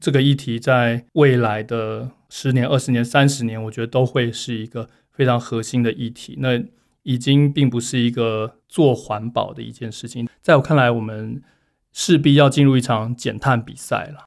這個議題在未來的十年、二十年、三十年，我覺得都會是一個非常核心的議題。那已經並不是一個做環保的一件事情，在我看來，我們勢必要進入一場減碳比賽了。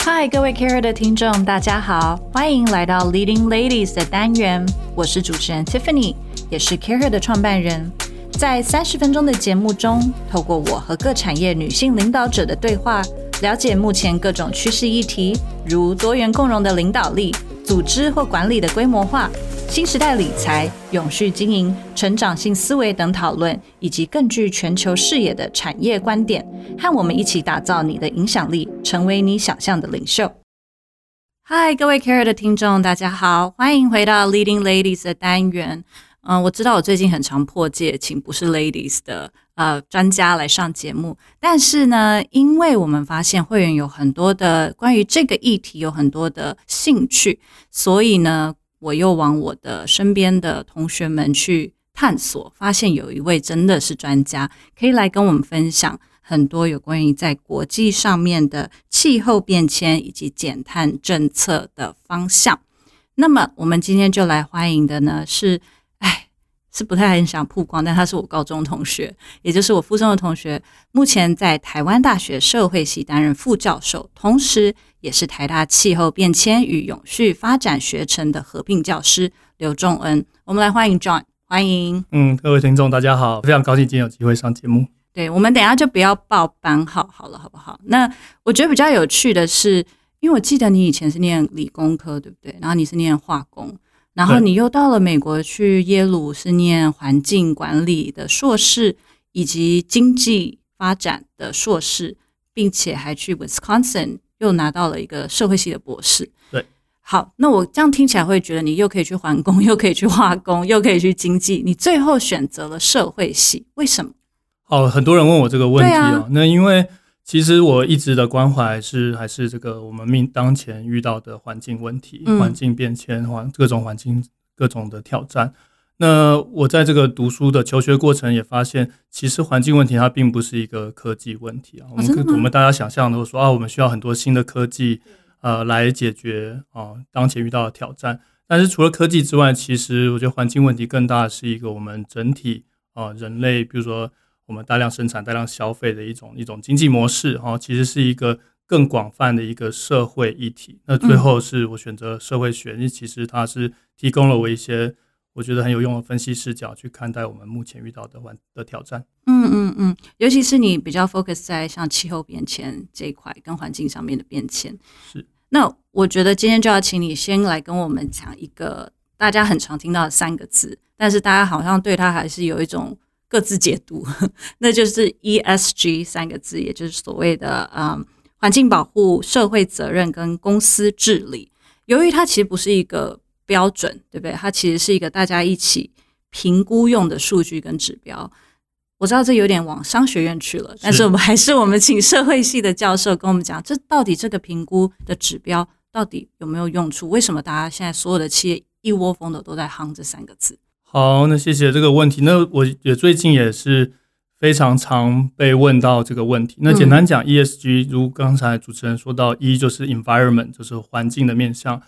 Hi，各位 CAREhER 的聽眾，大家好，歡迎來到 Leading Ladies 的單元，我是主持人 Tiffany，也是 CAREhER 的創辦人。在三十分鐘的節目中，透過我和各產業女性領導者的對話，了解目前各種趨勢議題，如多元共榮的領導力、組織或管理的規模化、新時代理財、永續經營、成長性思維等討論，以及更具全球視野的產業觀點。和我們一起打造你的影響力，成為你想象的領袖。嗨，各位 CAREhER 的聽眾，大家好，歡迎回到 Leading Ladies 的單元。嗯，我知道我最近很常破戒，請不是 Ladies 的呃專家來上節目。但是呢，因為我們發現會員有很多的關於這個議題有很多的興趣，所以呢，我又往我的身邊的同學們去探索，發現有一位真的是專家，可以來跟我們分享很多有關於在國際上面的氣候變遷以及減碳政策的方向。那麼，我們今天就來歡迎的呢是。是不太很想曝光，但他是我高中同學，也就是我附中的同學，目前在台灣大學社會系擔任副教授，同時也是台大氣候變遷與永續發展學程的合聘教師劉仲恩。我們來歡迎 John，歡迎，嗯，各位聽眾大家好，非常高興今天有機會上節目。對，我們等一下就不要報班號，好了，好不好？那我覺得比較有趣的是，因為我記得你以前是念理工科，對不對？然後你是念化工。然後你又到了美國去耶魯，是念環境管理的碩士，以及經濟發展的碩士，並且還去 Wisconsin 又拿到了一個社會系的博士。對，好，那我這樣聽起來會覺得你又可以去環工，又可以去化工，又可以去經濟，你最後選擇了社會系，為什麼？哦，很多人問我這個問題哦。啊，那因為。其實我一直的關懷是還是這個我們命當前遇到的環境問題、環境變遷、環各種環境各種的挑戰。那我在這個讀書的求學過程也發現，其實環境問題它並不是一個科技問題啊。我們我們大家想象的時候說啊，我們需要很多新的科技呃來解決啊當前遇到的挑戰。但是除了科技之外，其實我覺得環境問題更大的是一個我們整體啊人類，比如說。我們大量生產、大量消費的一種一種經濟模式，哈，其實是一個更廣泛的一個社會議題。那最後是我選擇社會學，嗯、因為其實它是提供了我一些我覺得很有用的分析視角，去看待我們目前遇到的環的挑戰。嗯嗯嗯，尤其是你比較 focus 在像氣候變遷這一塊，跟環境上面的變遷。是。那我覺得今天就要請你先來跟我們講一個大家很常聽到的三個字，但是大家好像對它還是有一種。各自解讀，那就是 ESG 三個字，也就是所謂的嗯環境保護、社會責任跟公司治理。由於它其實不是一個標準，對不對？它其實是一個大家一起評估用的數據跟指標。我知道這有點往商學院去了，但是我們還是我們請社會系的教授跟我們講，是這到底這個評估的指標到底有沒有用處？為什麼大家現在所有的企業一窩蜂的都在夯這三個字？好，那謝謝這個問題。那我也最近也是非常常被問到這個問題。那簡單講，ESG，如剛才主持人說到，一、嗯 E、就是 environment，就是環境的面向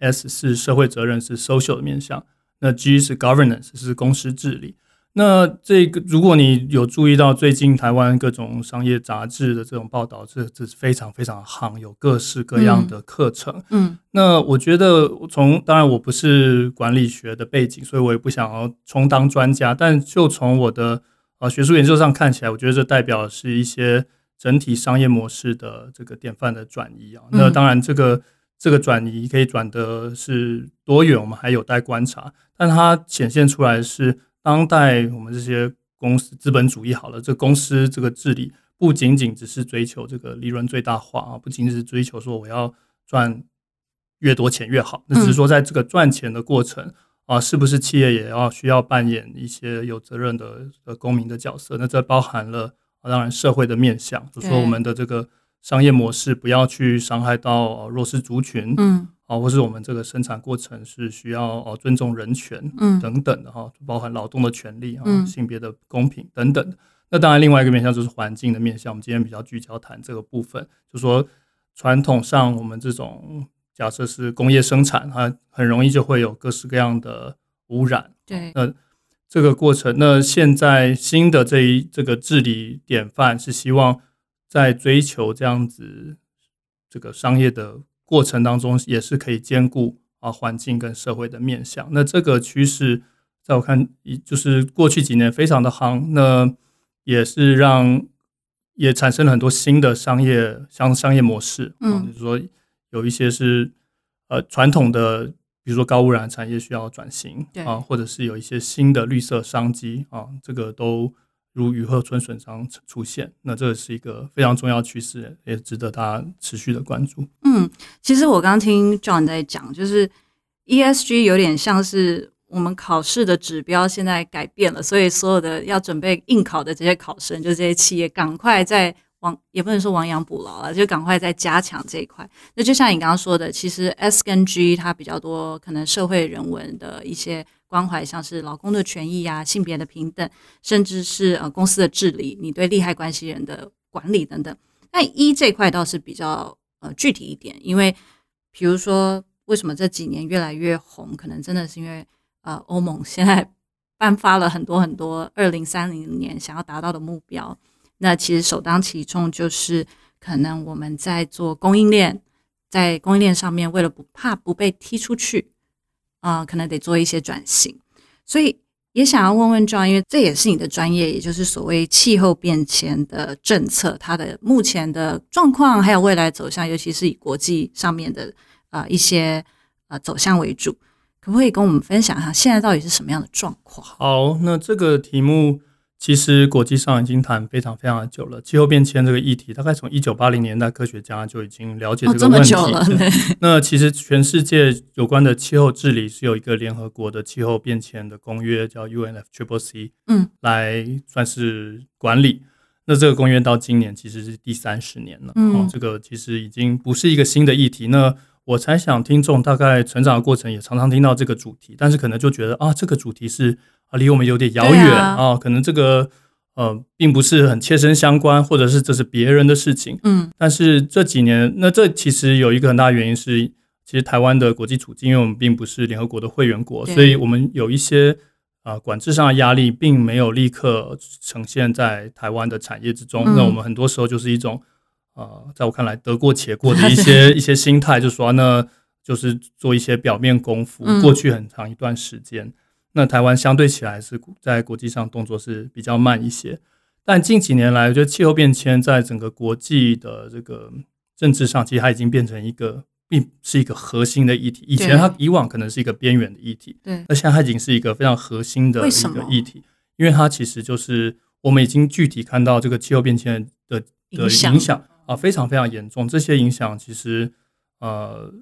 ；S 是社會責任，是 social 的面向；那 G 是 governance，是公司治理。那這個，如果你有注意到最近台灣各種商業雜誌的這種報道，這這是非常非常夯，有各式各樣的課程嗯。嗯，那我覺得從當然我不是管理學的背景，所以我也不想要充當專家，但就從我的啊學術研究上看起來，我覺得這代表是一些整體商業模式的這個典範的轉移啊。嗯、那當然，這個，這個這個轉移可以轉的是多遠，我們還有待觀察，但它顯現出來是。當代我們這些公司，資本主義好了，這公司這個治理不僅僅只是追求這個利潤最大化啊，不僅僅是追求說我要賺越多錢越好，那只是說在這個賺錢的過程啊，是不是企業也要需要扮演一些有責任的呃公民的角色？那這包含了啊，當然社會的面向，比如說我們的這個商業模式不要去傷害到弱勢族群。啊，或是我們這個生產過程是需要哦尊重人權，嗯，等等的哈，包含勞動的權利啊、嗯嗯嗯性別的公平等等。那當然，另外一個面向就是環境的面向。我們今天比較聚焦談這個部分，就是說，傳統上我們這種假設是工業生產，很很容易就會有各式各樣的污染。對，那這個過程，那現在新的這一這個治理典範是希望在追求這樣子這個商業的。過程當中也是可以兼顧啊環境跟社會的面向，那這個趨勢在我看，就是過去幾年非常的夯，那也是讓也產生了很多新的商業商商業模式，嗯，比如說有一些是呃傳統的，比如說高污染產業需要轉型，啊，或者是有一些新的綠色商機啊，這個都如雨後春筍般出現，那這是一個非常重要的趨勢，也值得大家持續的關注。嗯，其實我剛聽 John 在講，就是 ESG 有點像是我們考試的指標，現在改變了，所以所有的要準備應考的這些考生，就這些企業，趕快在亡也不能說亡羊補牢了，就趕快在加強這一塊。那就像你剛剛說的，其實 S 跟 G 它比較多，可能社會人文的一些。關懷像是勞工的權益呀、啊、性別的平等，甚至是呃公司的治理，你對利害關係人的管理等等。那一、E，這塊倒是比較呃具體一點，因為比如說為什麼這幾年越來越紅，可能真的是因為呃歐盟現在頒發了很多很多二零三零年想要達到的目標。那其實首當其衝就是可能我們在做供應鏈，在供應鏈上面為了不怕不被踢出去，啊、呃，可能得做一些轉型，所以也想要問問 John、啊、因為這也是你的專業，也就是所謂氣候變遷的政策，它的目前的狀況還有未來的走向，尤其是以國際上面的啊、呃、一些啊、呃、走向為主，可不可以跟我們分享一下現在到底是什麼樣的狀況？好，oh, 那這個題目。其實國際上已經談非常非常久了，氣候變遷這個議題大概從一九八零年代科學家就已經了解這個問題。哦，這麼久了，嗯。那其實全世界有關的氣候治理是有一個聯合國的氣候變遷的公約，叫 UNFCCC，來算是管理。嗯、那這個公約到今年其實是第三十年了，嗯、哦，這個其實已經不是一個新的議題。那我猜想聽眾大概成長的過程也常常聽到這個主題，但是可能就覺得啊，這個主題是啊，離我們有點遙遠啊，啊，可能這個呃，並不是很切身相關，或者是這是別人的事情。嗯，但是這幾年，那這其實有一個很大原因是，其實台灣的國際處境，因為我們並不是聯合國的會員國，對所以我們有一些啊、呃、管制上的壓力，並沒有立刻呈現在台灣的產業之中。嗯、那我們很多時候就是一種。呃，在我看來，得過且過的一些 對一些心態，就說、啊、那就是做一些表面功夫。嗯、過去很長一段時間，那台灣相對起來是在國際上動作是比較慢一些。嗯、但近幾年來，我覺得氣候變遷在整個國際的這個政治上，其實它已經變成一個並是一個核心的議題。以前它以往可能是一個邊緣的議題，對，對，但現在它已經是一個非常核心的一個議題，為因為它其實就是我們已經具體看到這個氣候變遷的的影響。影響啊，非常非常嚴重。這些影響其實，呃，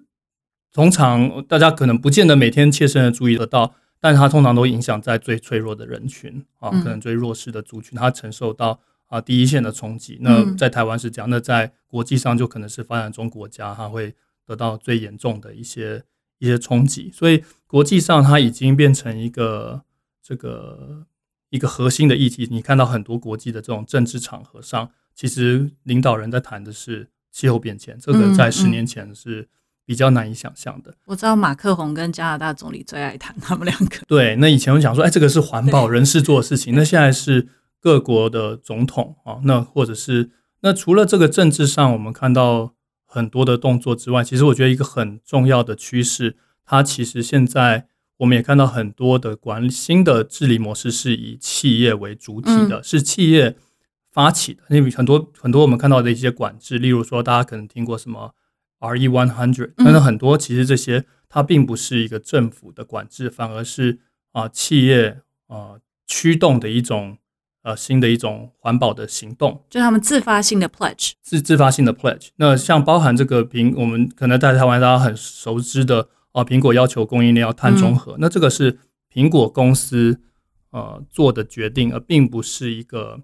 通常大家可能不見得每天切身的注意得到，但是它通常都影響在最脆弱的人群啊，可能最弱勢的族群，它承受到啊第一線的衝擊。那在台灣是這樣，那在國際上就可能是發展中國家，它會得到最嚴重的一些一些衝擊。所以國際上它已經變成一個這個一個核心的議題。你看到很多國際的這種政治場合上。其實領導人在談的是氣候變遷，這個在十年前是比較難以想象的。嗯嗯、我知道馬克宏跟加拿大總理最愛談，他們兩個。對，那以前我想說，哎，這個是環保對人士做的事情，那現在是各國的總統啊、哦，那或者是那除了這個政治上，我們看到很多的動作之外，其實我覺得一個很重要的趨勢，它其實現在我們也看到很多的管理新的治理模式是以企業為主體的，是企業。發起的，因為很多很多我們看到的一些管制，例如說大家可能聽過什麼 R E one hundred，但是很多其實這些它並不是一個政府的管制，反而是啊、呃、企業啊驅、呃、動的一種呃新的一種環保的行動，就是他們自發性的 pledge，自自發性的 pledge。那像包含這個蘋，我們可能在台灣大家很熟知的啊蘋、呃、果要求供應鏈要碳中和，嗯、那這個是蘋果公司呃做的決定，而並不是一個。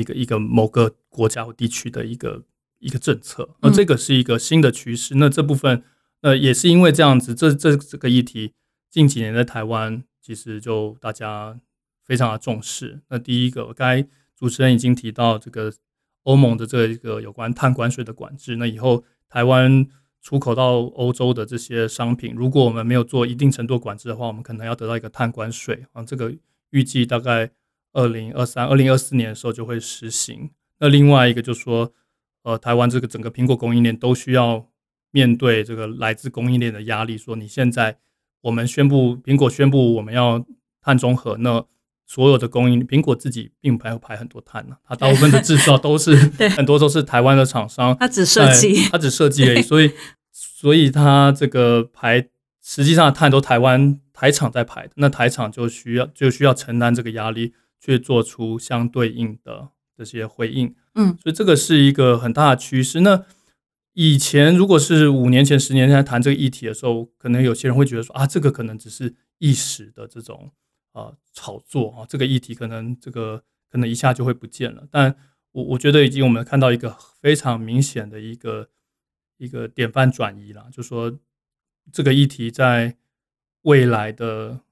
一個一個某個國家或地區的一個一個政策，那這個是一個新的趨勢。那這部分，呃，也是因為這樣子，這這這個議題近幾年在台灣其實就大家非常的重視。那第一個，剛才主持人已經提到這個歐盟的這一個有關碳關稅的管制。那以後台灣出口到歐洲的這些商品，如果我們沒有做一定程度管制的話，我們可能要得到一個碳關稅啊。這個預計大概。二零二三、二零二四年的時候就會實行。那另外一個就是說，呃，台灣這個整個蘋果供應鏈都需要面對這個來自供應鏈的壓力。說你現在，我們宣布蘋果宣布我們要碳中和那，那所有的供應蘋果自己並沒有排很多碳呢、啊？它大部分的製造都是對很多都是台灣的廠商，它只設計，它只設計對所以所以它這個排實際上碳都台灣台廠在排的，那台廠就需要就需要承擔這個壓力。去做出相對應的這些回應，嗯，所以這個是一個很大的趨勢。那以前如果是五年前、十年前談這個議題的時候，可能有些人會覺得說啊，這個可能只是一時的這種啊炒作啊，這個議題可能這個可能一下就會不見了。但我我覺得，已經我們看到一個非常明顯的一個一個典範轉移了，就是說這個議題在未來的。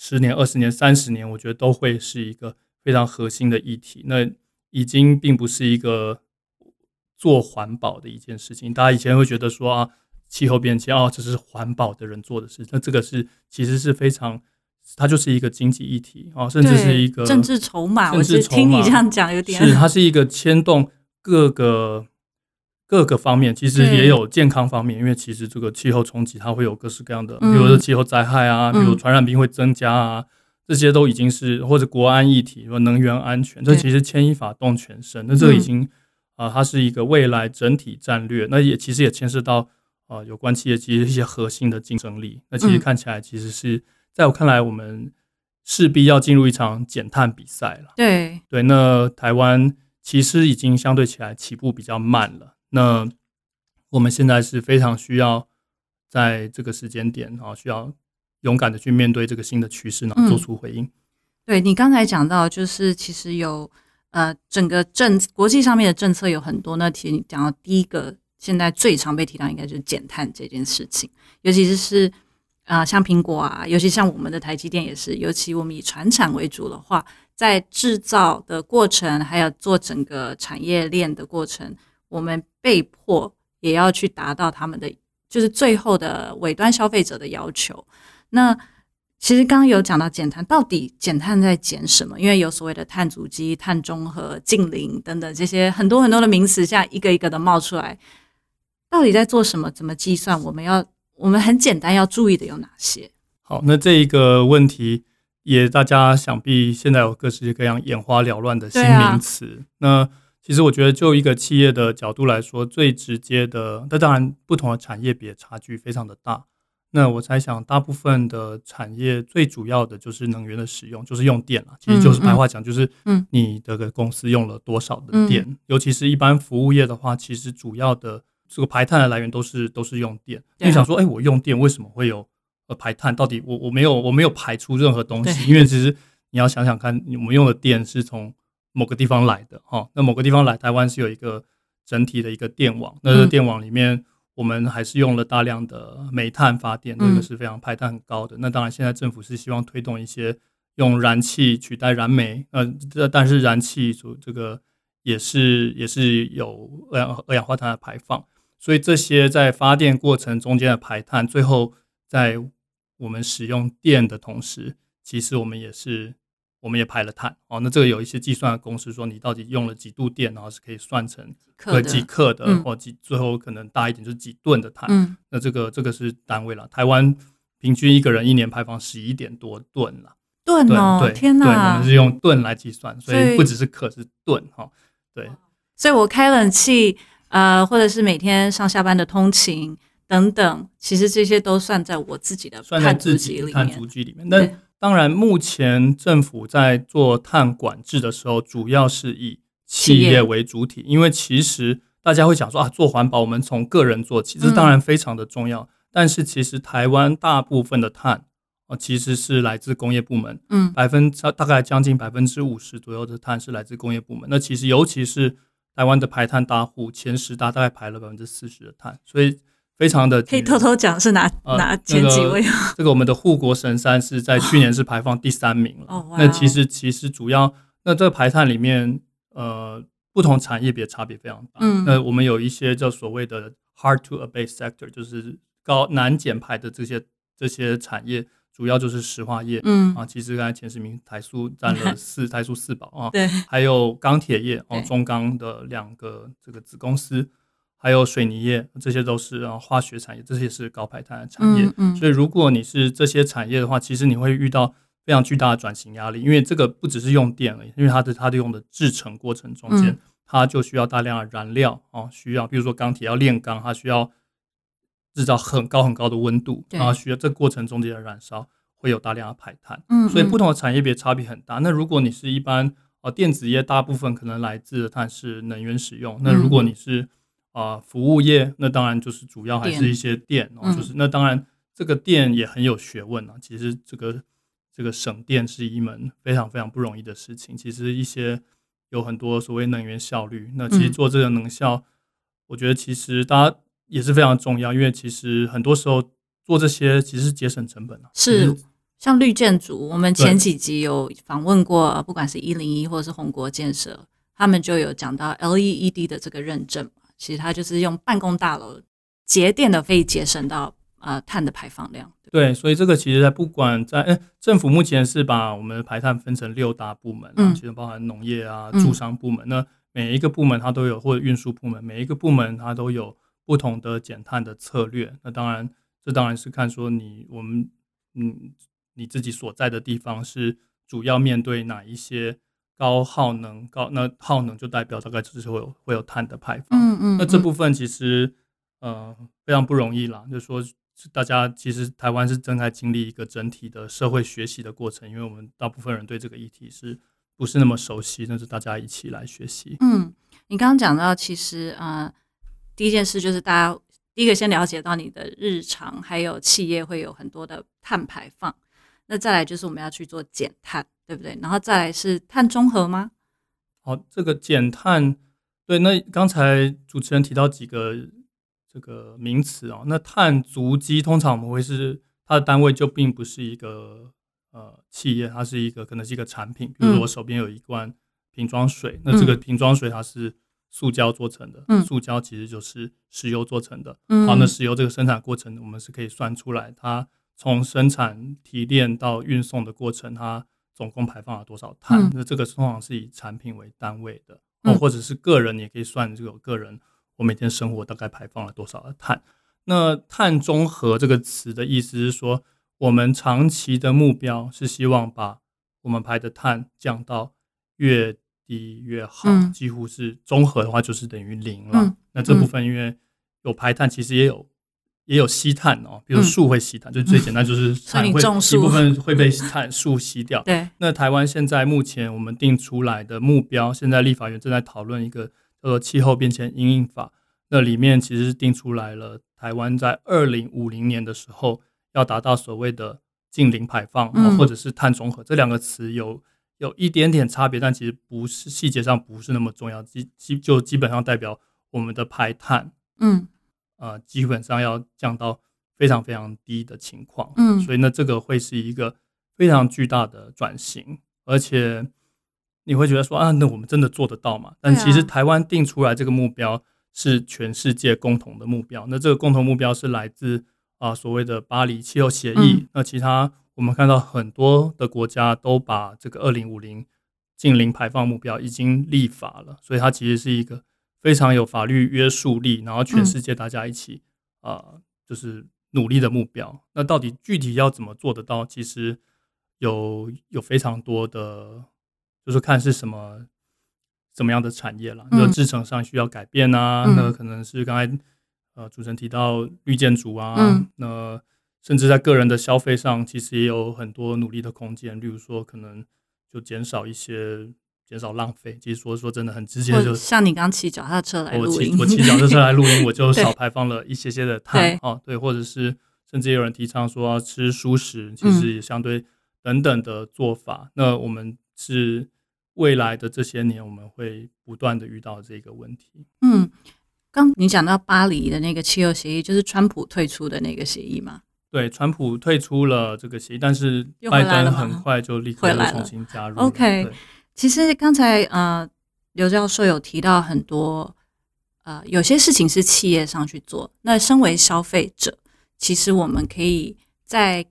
十年、二十年、三十年，我覺得都會是一個非常核心的議題。那已經並不是一個做環保的一件事情。大家以前會覺得說啊，氣候變遷啊，這是環保的人做的事情。那這個是其實是非常，它就是一個經濟議題啊，甚至是一個政治籌碼。我是聽你這樣講，有點，是它是一個牽動各個。各個方面其實也有健康方面，對因為其實這個氣候衝擊它會有各式各樣的，嗯、比如說氣候災害啊，嗯、比如傳染病會增加啊，嗯、這些都已經是或者國安議題，或能源安全，對這其實牽一髮動全身。那這個已經啊、嗯呃，它是一個未來整體戰略，那也其實也牽涉到啊、呃，有關企業其實一些核心的競爭力。那其實看起來，其實是、嗯、在我看來，我們勢必要進入一場減碳比賽了。對對，那台灣其實已經相對起來起步比較慢了。那我們現在是非常需要在這個時間點啊，需要勇敢的去面對這個新的趨勢，然後做出回應。嗯，對你剛才講到，就是其實有呃，整個政，國際上面的政策有很多。那其實你講到第一個，現在最常被提到，應該就是減碳這件事情，尤其是啊、呃，像蘋果啊，尤其像我們的台積電也是，尤其我們以傳產為主的話，在製造的過程，還有做整個產業鏈的過程。我們被迫也要去達到他們的，就是最後的尾端消費者的要求。那其實剛剛有講到減碳，到底減碳在減什麼？因為有所謂的碳足跡、碳中和、淨零等等這些很多很多的名詞，像一個一個的冒出來，到底在做什麼？怎麼計算？我們要我們很簡單要注意的有哪些？好，那這一個問題，也大家想必現在有各式各樣眼花繚亂的新名詞。啊、那其實我覺得，就一個企業的角度來說，最直接的，那當然不同的產業別差距非常的大。那我猜想，大部分的產業最主要的就是能源的使用，就是用電了。其實就是白話講，就是嗯，你這個公司用了多少的電，尤其是一般服務業的話，其實主要的這個排碳的來源都是都是用電。你想說，哎，我用電為什麼會有呃排碳？到底我我沒有我沒有排出任何東西？因為其實你要想想看，我們用的電是從。某個地方來的哈，那某個地方來，台灣是有一個整體的一個電網，那這電網裡面我們還是用了大量的煤炭發電，那個、嗯、是非常排碳很高的。那當然現在政府是希望推動一些用燃氣取代燃煤，呃，這但是燃氣主這個也是也是有二二氧化碳的排放，所以這些在發電過程中間的排碳，最後在我們使用電的同時，其實我們也是。我們也排了碳哦，那這個有一些計算的公式，說你到底用了幾度電，然後是可以算成幾克、嗯、幾克的，或幾最後可能大一點就是幾噸的碳。嗯、那這個這個是單位了。台灣平均一個人一年排放十一點多噸了，噸哦，對天哪、啊！我們是用噸來計算，所以不只是克，是噸哈。對，所以我開冷氣，呃，或者是每天上下班的通勤等等，其實這些都算在我自己的算在自己碳足跡裡面，那。當然，目前政府在做碳管制的時候，主要是以企業為主體，因為其實大家會想說啊，做環保我們從個人做起，這當然非常的重要。但是，其實台灣大部分的碳啊，其實是來自工業部門，嗯，百分之大概將近百分之五十左右的碳是來自工業部門。那其實，尤其是台灣的排碳大戶前十大，大概排了百分之四十的碳，所以。非常的，的可以偷偷講是哪哪前幾位？啊、呃那個。這個我們的護國神山是在去年是排放第三名了。Oh, oh, wow、那其實其實主要那這個排碳裡面，呃，不同產業別差別非常大。嗯、那我們有一些叫所謂的 hard to abate sector，就是高難減排的這些這些產業，主要就是石化業。嗯啊，其實剛才前十名台塑占了四 台塑四寶啊，對，還有鋼鐵業哦，中鋼的兩個這個子公司。還有水泥業，這些都是啊、哦、化學產業，這些是高排碳的產業。嗯嗯、所以如果你是這些產業的話，其實你會遇到非常巨大的轉型壓力，因為這個不只是用電而已，因為它的它的用的製程過程中間，嗯、它就需要大量的燃料啊、哦，需要比如說鋼鐵要煉鋼，它需要制造很高很高的溫度，對然後需要這個過程中間燃燒會有大量的排碳。嗯嗯、所以不同的產業別差別很大。那如果你是一般啊、哦、電子業，大部分可能來自它是能源使用。那如果你是，嗯啊、呃，服務業，那當然就是主要還是一些電，哦，嗯、就是那當然這個電也很有學問啊。嗯、其實這個這個省電是一門非常非常不容易的事情。其實一些有很多所謂能源效率，那其實做這個能效，嗯、我覺得其實大家也是非常重要，因為其實很多時候做這些其實是節省成本啊。是，嗯、像綠建築，我們前幾集有訪問過，對不管是一零一或者是宏國建設，他們就有講到 LEED 的這個認證。其實它就是用辦公大樓節電的，可以節省到啊碳的排放量。對，所以這個其實在不管在、欸、政府目前是把我們的排碳分成六大部門、啊，嗯、其中包含農業啊、住商部門。嗯、那每一個部門它都有，或者運輸部門，每一個部門它都有不同的減碳的策略。那當然，這當然是看說你我們嗯你自己所在的地方是主要面對哪一些。高耗能高，那耗能就代表大概就是會有會有碳的排放。嗯嗯。嗯，那這部分其實、嗯、呃非常不容易啦，就是說大家其實台灣是正在經歷一個整體的社會學習的過程，因為我們大部分人對這個議題是不是那麼熟悉，但是大家一起來學習。嗯，你剛剛講到，其實啊、呃，第一件事就是大家第一個先了解到你的日常還有企業會有很多的碳排放。那再來就是我們要去做減碳，對不對？然後再來是碳中和嗎？好，這個減碳，對。那剛才主持人提到幾個這個名詞啊、哦，那碳足跡通常我們會是它的單位就並不是一個、嗯、呃企業，它是一個可能是一個產品。比如我手邊有一罐瓶裝水，嗯、那這個瓶裝水它是塑膠做成的，嗯、塑膠其實就是石油做成的。嗯、好，那石油這個生產過程我們是可以算出來它。從生產、提煉到運送的過程，它總共排放了多少碳？嗯、那這個通常是以產品為單位的，嗯、或者是個人，也可以算，這個個人、嗯、我每天生活大概排放了多少的碳？那碳中和這個詞的意思是說，我們長期的目標是希望把我們排的碳降到越低越好，嗯、幾乎是中和的話就是等於零了。嗯嗯、那這部分因為有排碳，其實也有。也有吸碳哦，比如樹會吸碳，嗯、就最簡單就是，所以你種樹，一部分會被碳樹吸掉。嗯、對。那台灣現在目前我們定出來的目標，現在立法院正在討論一個叫做氣候變遷因應法，那裡面其實定出來了，台灣在二零五零年的時候要達到所謂的淨零排放，嗯、或者是碳中和，這兩個詞有有一點點差別，但其實不是細節上不是那麼重要，基基就基本上代表我們的排碳。嗯。啊、呃，基本上要降到非常非常低的情況，嗯，所以呢，這個會是一個非常巨大的轉型，而且你會覺得說啊，那我們真的做得到嗎？但其實台灣定出來這個目標是全世界共同的目標，那這個共同目標是來自啊、呃、所謂的巴黎氣候協議，嗯、那其他我們看到很多的國家都把這個二零五零淨零排放目標已經立法了，所以它其實是一個。非常有法律約束力，然後全世界大家一起啊、嗯呃，就是努力的目標。那到底具體要怎麼做得到？其實有有非常多的，就是看是什麼什麼樣的產業了。那製程上需要改變啊，嗯、那可能是剛才呃主持人提到綠建築啊，嗯、那甚至在個人的消費上，其實也有很多努力的空間。例如說，可能就減少一些。減少浪費，其實說說真的很直接就，就像你剛騎腳踏車來錄音，我騎我騎腳踏車來錄音，對我就少排放了一些些的碳啊對、哦，對，或者是甚至有人提倡說要吃蔬食，其實也相對等等的做法。嗯、那我們是未來的這些年，我們會不斷的遇到這個問題。嗯，剛你講到巴黎的那個氣候協議，就是川普退出的那個協議嘛？對，川普退出了這個協議，但是拜登很快就立刻又重新加入。OK。其實剛才呃，劉教授有提到很多，呃，有些事情是企業上去做。那身為消費者，其實我們可以在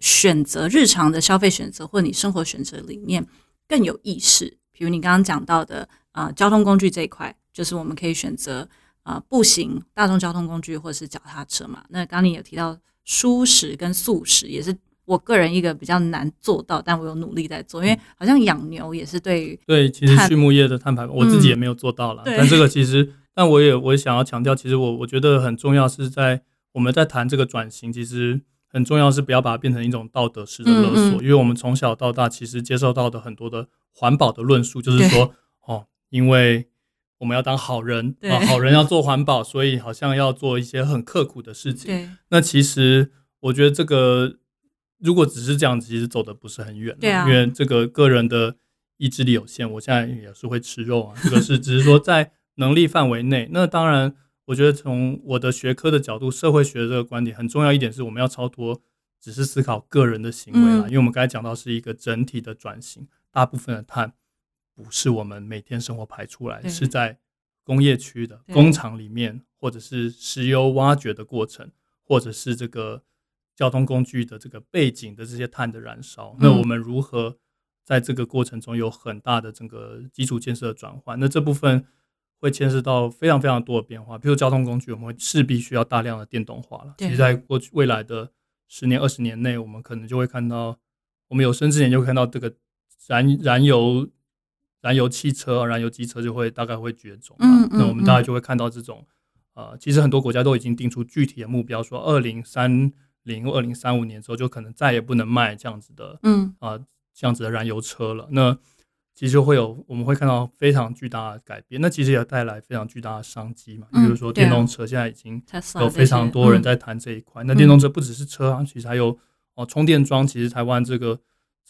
選擇日常的消費選擇或你生活選擇裡面更有意識。比如你剛剛講到的，啊、呃、交通工具這一塊，就是我們可以選擇啊、呃、步行、大眾交通工具或是腳踏車嘛。那剛才你有提到蔬食跟素食也是。我個人一個比較難做到，但我有努力在做，因為好像養牛也是對對，其實畜牧業的碳排放，我自己也沒有做到了。嗯、但這個其實，但我也我也想要強調，其實我我覺得很重要是在我們在談這個轉型，其實很重要是不要把它變成一種道德式的勒索，嗯嗯，因為我們從小到大其實接受到的很多的環保的論述。對就是說，哦，因為我們要當好人啊。對、哦，好人要做環保，所以好像要做一些很刻苦的事情。對那其實我覺得這個。如果只是這樣子，其實走的不是很遠，對啊，因為這個個人的意志力有限。我現在也是會吃肉啊，可是只是說在能力範圍內。 那當然，我覺得從我的學科的角度，社會學的這個觀點很重要一點是，我們要超脫，只是思考個人的行為啊。嗯，因為我們剛才講到是一個整體的轉型，大部分的碳不是我們每天生活排出來，對是在工業區的工廠裡面，對或者是石油挖掘的過程，或者是這個。交通工具的這個背景的這些碳的燃燒，嗯、那我們如何在這個過程中有很大的整個基礎建設的轉換？那這部分會牽涉到非常非常多的變化，比如交通工具，我們會勢必需要大量的電動化了。對，其實在過去未來的十年、二十年內，我們可能就會看到，我們有生之年就看到這個燃燃油、燃油汽車、燃油機車就會大概會絕種。嗯嗯嗯，那我們大概就會看到這種，呃，其實很多國家都已經定出具體的目標，說二零三。零二零三五年之後，就可能再也不能賣這樣子的，嗯啊、呃，這樣子的燃油車了。那其實會有，我們會看到非常巨大的改變。那其實也帶來非常巨大的商機嘛。嗯、比如說電動車現在已經有非常多人在談這一塊。嗯嗯、對、Tesla 這些、那電動車不只是車，其實還有哦、呃、充電樁。其實台灣這個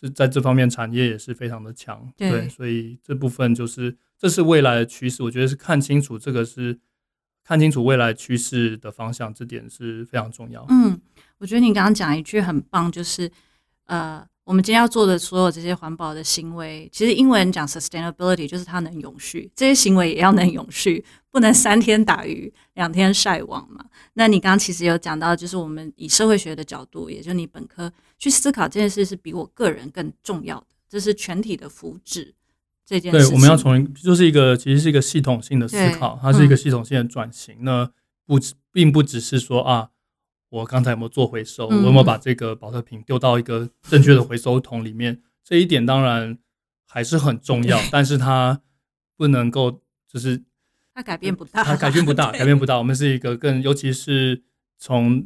是在這方面產業也是非常的強。對，對，所以這部分就是這是未來的趨勢。我覺得是看清楚這個是，看清楚未來趨勢的方向，這點是非常重要的。嗯，我覺得你剛剛講一句很棒，就是呃，我們今天要做的所有這些環保的行為，其實英文講 sustainability 就是它能永續，這些行為也要能永續，不能三天打魚兩天曬網嘛。那你剛剛其實有講到，就是我們以社會學的角度，也就是你本科去思考這件事，是比我個人更重要的，這是全體的福祉。這件，對，我們要從就是一個其實是一個系統性的思考，對它是一個系統性的轉型。嗯、那不，並不只是說啊，我剛才有沒有做回收，嗯、我有沒有把這個保特瓶丟到一個正確的回收桶裡面，嗯、這一點當然還是很重要。對但是它不能夠就是它改變不大，呃，它改變不大，對改變不大。我們是一個更，尤其是從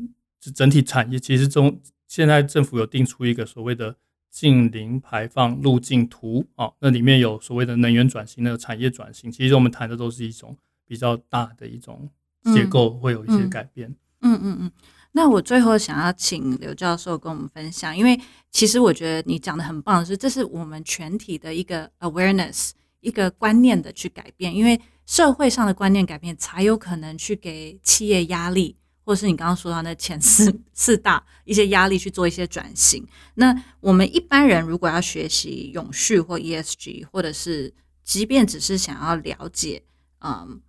整體產業，其實中現在政府有定出一個所謂的。近零排放路徑圖啊、哦，那裡面有所謂的能源轉型、的、那個、產業轉型，其實我們談的都是一種比較大的一種結構，嗯、會有一些改變。嗯嗯嗯。那我最後想要請劉教授跟我們分享，因為其實我覺得你講的很棒的是，是這是我們全體的一個 awareness、一個觀念的去改變，因為社會上的觀念改變，才有可能去給企業壓力，或是你剛剛說到那前四四大一些壓力去做一些轉型，那我們一般人如果要學習永續或 ESG，或者是即便只是想要了解，嗯，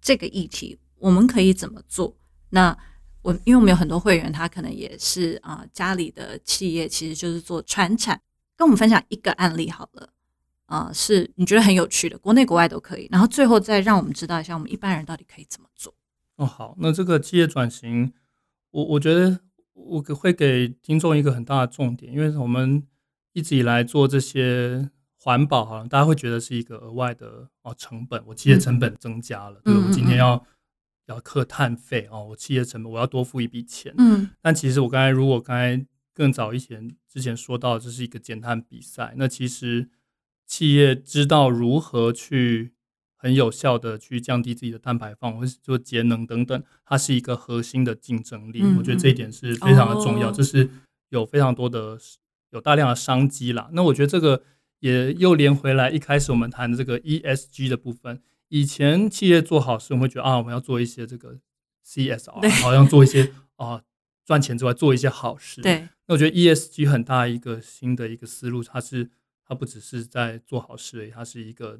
這個議題我們可以怎麼做？那我因為我們有很多會員，他可能也是啊、呃，家裡的企業其實就是做傳產，跟我們分享一個案例好了，啊、呃，是你覺得很有趣的，國內國外都可以，然後最後再讓我們知道一下，我們一般人到底可以怎麼做。哦、好，那這個企業轉型，我我覺得我會給聽眾一個很大的重點，因為我們一直以來做這些環保，好像大家會覺得是一個額外的哦成本，我企業成本增加了，嗯、對，我今天要要課碳費哦，我企業成本我要多付一筆錢，嗯，但其實我剛才如果剛才更早以前之前說到，這是一個減碳比賽，那其實企業知道如何去。很有效的去降低自己的碳排放，或是做節能等等，它是一個核心的競爭力。嗯、我覺得這一點是非常的重要，就、哦、是有非常多的有大量的商機啦。那我覺得這個也又連回來一開始我們談的這個 E S G 的部分。以前企業做好事，我們會覺得啊，我們要做一些這個 C S R，對好像做一些啊賺錢之外做一些好事。對，那我覺得 E S G 很大一個新的一個思路，它是它不只是在做好事而已，它是一個。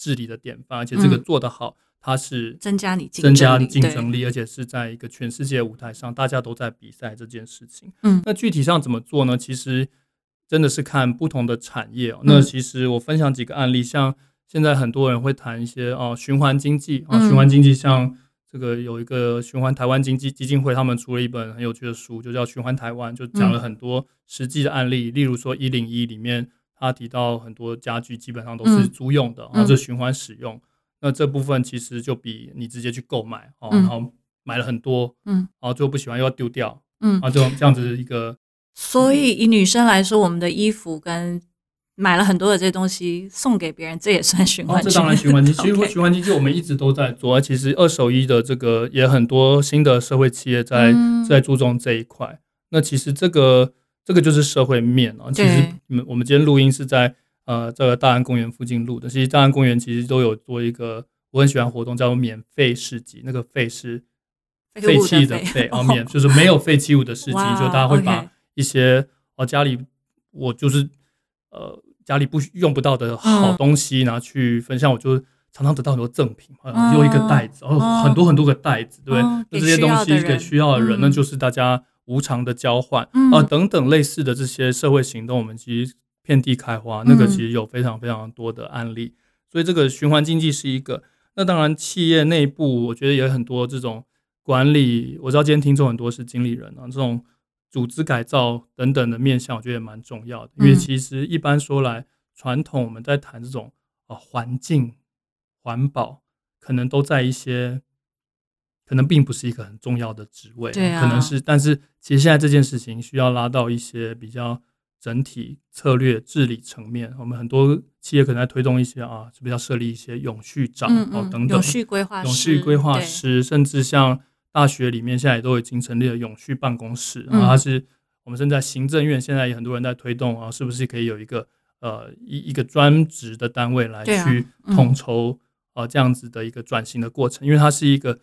治理的典範，而且這個做得好，嗯、它是增加你增加競爭力，爭力對而且是在一個全世界舞台上，大家都在比賽這件事情。嗯，那具體上怎麼做呢？其實真的是看不同的產業、喔嗯、那其實我分享幾個案例，像現在很多人會談一些啊循環經濟啊，循環經濟、嗯啊、像這個有一個循環台灣經濟基金會，他們出了一本很有趣的書，就叫《循環台灣》，就講了很多實際的案例，嗯、例如說一零一裡面。他提到很多家具，基本上都是租用的，嗯、然後就循環使用。嗯、那這部分其實就比你直接去購買哦，嗯、然後買了很多，嗯，然後最後不喜歡又要丟掉，嗯，然後這種這樣子一個。所以以女生來說，我們的衣服跟買了很多的這些東西送給別人，這也算循環哦。這當然循環，你循環循環機制我們一直都在做。其實二手衣的這個也很多新的社會企業在、嗯、在注重這一塊。那其實這個。這個就是社會面啊。其實，我們我們今天錄音是在呃，這個大安公園附近錄的。其實，大安公園其實都有做一個我很喜歡活動，叫做免費市集。那個“廢”是廢棄的“廢”，哦，免就是沒有廢棄物的市集，就大家會把一些哦家裡我就是呃家裡不用不到的好東西拿去分享，我就常常得到很多贈品，用一個袋子，哦，很多很多個袋子，對，那這些東西給需要的人，那就是大家。無償的交換、嗯、啊，等等類似的這些社會行動，我們其實遍地開花。那個其實有非常非常多的案例，嗯、所以這個循環經濟是一個。那當然，企業內部我覺得也有很多這種管理。我知道今天聽眾很多是經理人啊，這種組織改造等等的面向，我覺得也蠻重要的。嗯、因為其實一般說來，傳統我們在談這種啊環境環保，可能都在一些。可能並不是一個很重要的職位，對、啊，可能是。但是其實現在這件事情需要拉到一些比較整體策略治理層面。我們很多企業可能在推動一些啊，是不是要設立一些永續長嗯嗯哦、等等，永續規劃師永續規劃師，對甚至像大學裡面現在也都已經成立了永續辦公室，嗯、然後它是我們現在行政院現在也很多人在推動啊，是不是可以有一個呃一一個專職的單位來去統籌啊、嗯、這樣子的一個轉型的過程，因為它是一個。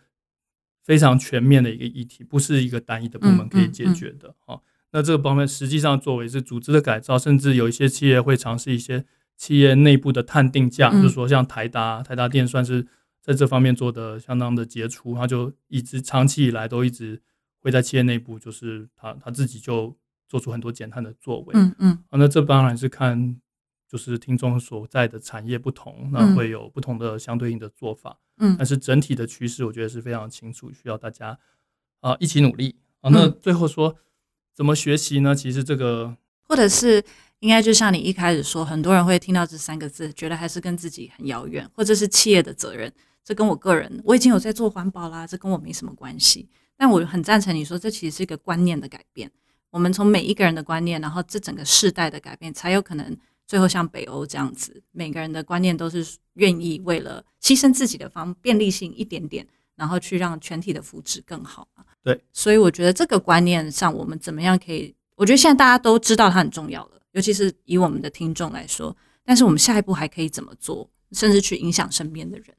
非常全面的一個議題，不是一個單一的部門可以解決的。嗯嗯嗯、啊。那這個方面實際上作為是組織的改造，甚至有一些企業會嘗試一些企業內部的碳定價，嗯、就是說像台達，台達電算是在這方面做得相當的傑出，他就一直長期以來都一直會在企業內部，就是他他自己就做出很多減碳的作為。嗯嗯、啊，那這當然是看。就是聽眾所在的產業不同，那會有不同的相對應的做法。嗯，但是整體的趨勢我覺得是非常清楚，需要大家啊、呃、一起努力啊。那、嗯、最後說怎麼學習呢？其實這個或者是應該就像你一開始說，很多人會聽到這三個字，覺得還是跟自己很遙遠，或者是企業的責任。這跟我個人，我已經有在做環保啦、啊，這跟我沒什麼關係。但我很贊成你說，這其實是一個觀念的改變。我們從每一個人的觀念，然後這整個世代的改變，才有可能。最後像北歐這樣子，每個人的觀念都是願意為了犧牲自己的方便利性一點點，然後去讓全體的福祉更好。對，所以我覺得這個觀念上，我們怎麼樣可以？我覺得現在大家都知道它很重要了，尤其是以我們的聽眾來說。但是我們下一步還可以怎麼做，甚至去影響身邊的人？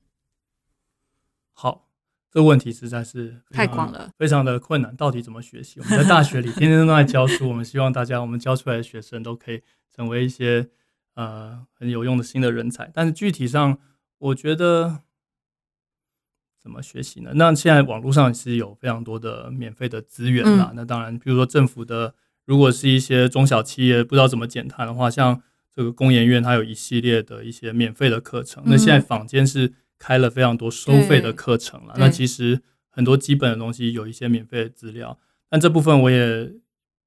好，這個問題實在是太廣了，非常的困難。到底怎麼學習？我們在大學裡 天天都在教書，我們希望大家我們教出來的學生都可以成為一些。呃，很有用的新的人才，但是具體上，我覺得怎麼學習呢？那現在網絡上其實有非常多的免費的資源啦。嗯、那當然，比如說政府的，如果是一些中小企業不知道怎麼減碳的話，像這個工研院，它有一系列的一些免費的課程。嗯、哼那現在坊間是開了非常多收費的課程了。那其實很多基本的東西有一些免費的資料，但這部分我也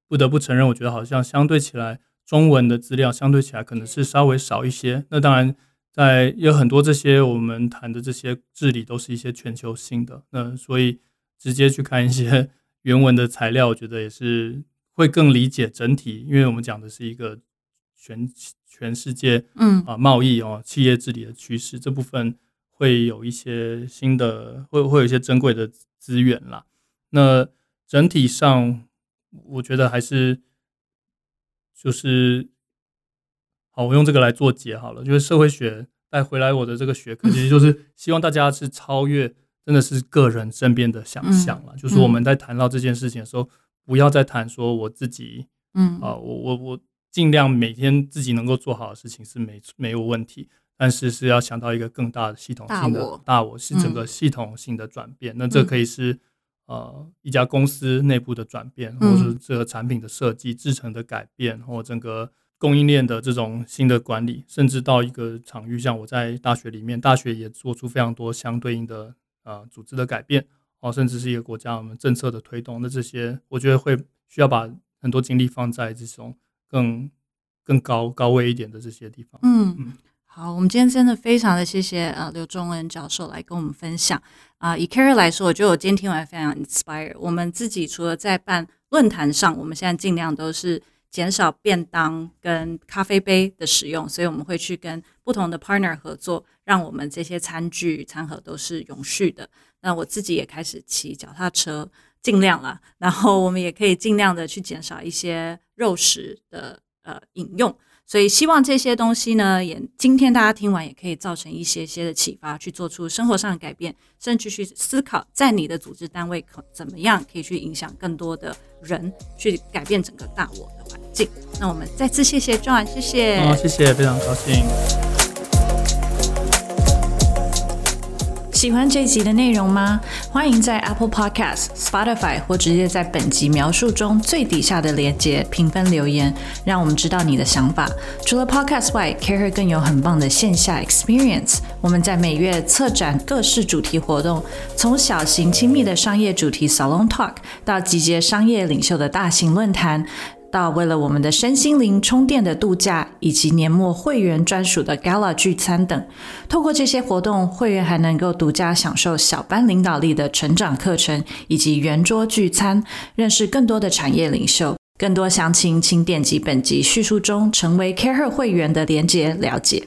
不得不承認，我覺得好像相對起來。中文的資料相對起來可能是稍微少一些，那當然，在有很多這些我們談的這些治理都是一些全球性的，那所以直接去看一些原文的材料，我覺得也是會更理解整體，因為我們講的是一個全全世界，嗯啊，貿易哦，企業治理的趨勢，這部分會有一些新的，會會有一些珍貴的資源啦。那整體上，我覺得還是。就是好，我用這個來做結好了。就是社會學帶回來我的這個學科，其實就是希望大家是超越，真的是個人身邊的想象了，嗯。嗯，就是我們在談到這件事情的時候，不要再談說我自己，嗯啊，我我我盡量每天自己能夠做好的事情是沒沒有問題，但是是要想到一個更大的系統性的大我，大我是整個系統性的轉變。嗯，那這可以是。呃，一家公司內部的轉變，或者是這個產品的設計、製程的改變，或者整個供應鏈的這種新的管理，甚至到一個場域，像我在大學裡面，大學也做出非常多相對應的呃組織的改變，哦，甚至是一個國家我們政策的推動，那這些我覺得會需要把很多精力放在這種更更高高位一點的這些地方。嗯。嗯好，我們今天真的非常的謝謝啊劉仲恩教授來跟我們分享啊、呃。以 CAREhER 來說，我覺得我今天聽完非常 inspire。我們自己除了在辦論壇上，我們現在儘量都是減少便當跟咖啡杯的使用，所以我們會去跟不同的 partner 合作，讓我們這些餐具餐盒都是永續的。那我自己也開始騎腳踏車，儘量啦。然後我們也可以儘量的去減少一些肉食的呃飲用。所以希望這些東西呢，也今天大家聽完也可以造成一些些的啟發，去做出生活上的改變，甚至去思考，在你的組織單位可怎麼樣可以去影響更多的人，去改變整個大我的環境。那我們再次謝謝 John，謝謝、好，謝謝，非常高興。喜歡這集的內容嗎？歡迎在 Apple Podcast、Spotify 或直接在本集描述中最底下的連接評分留言，讓我們知道你的想法。除了 Podcast 外，CAREhER 更有很棒的線下 experience。我們在每月策展各式主題活動，從小型親密的商業主題 Salon Talk 到集結商業領袖的大型論壇。到為了我們的身心靈充電的度假，以及年末會員專屬的 Gala 聚餐等，透過這些活動，會員還能夠獨家享受小班領導力的成長課程，以及圓桌聚餐，認識更多的產業領袖。更多詳情，請點擊本集敘述中成為 CAREhER 會員的連結了解。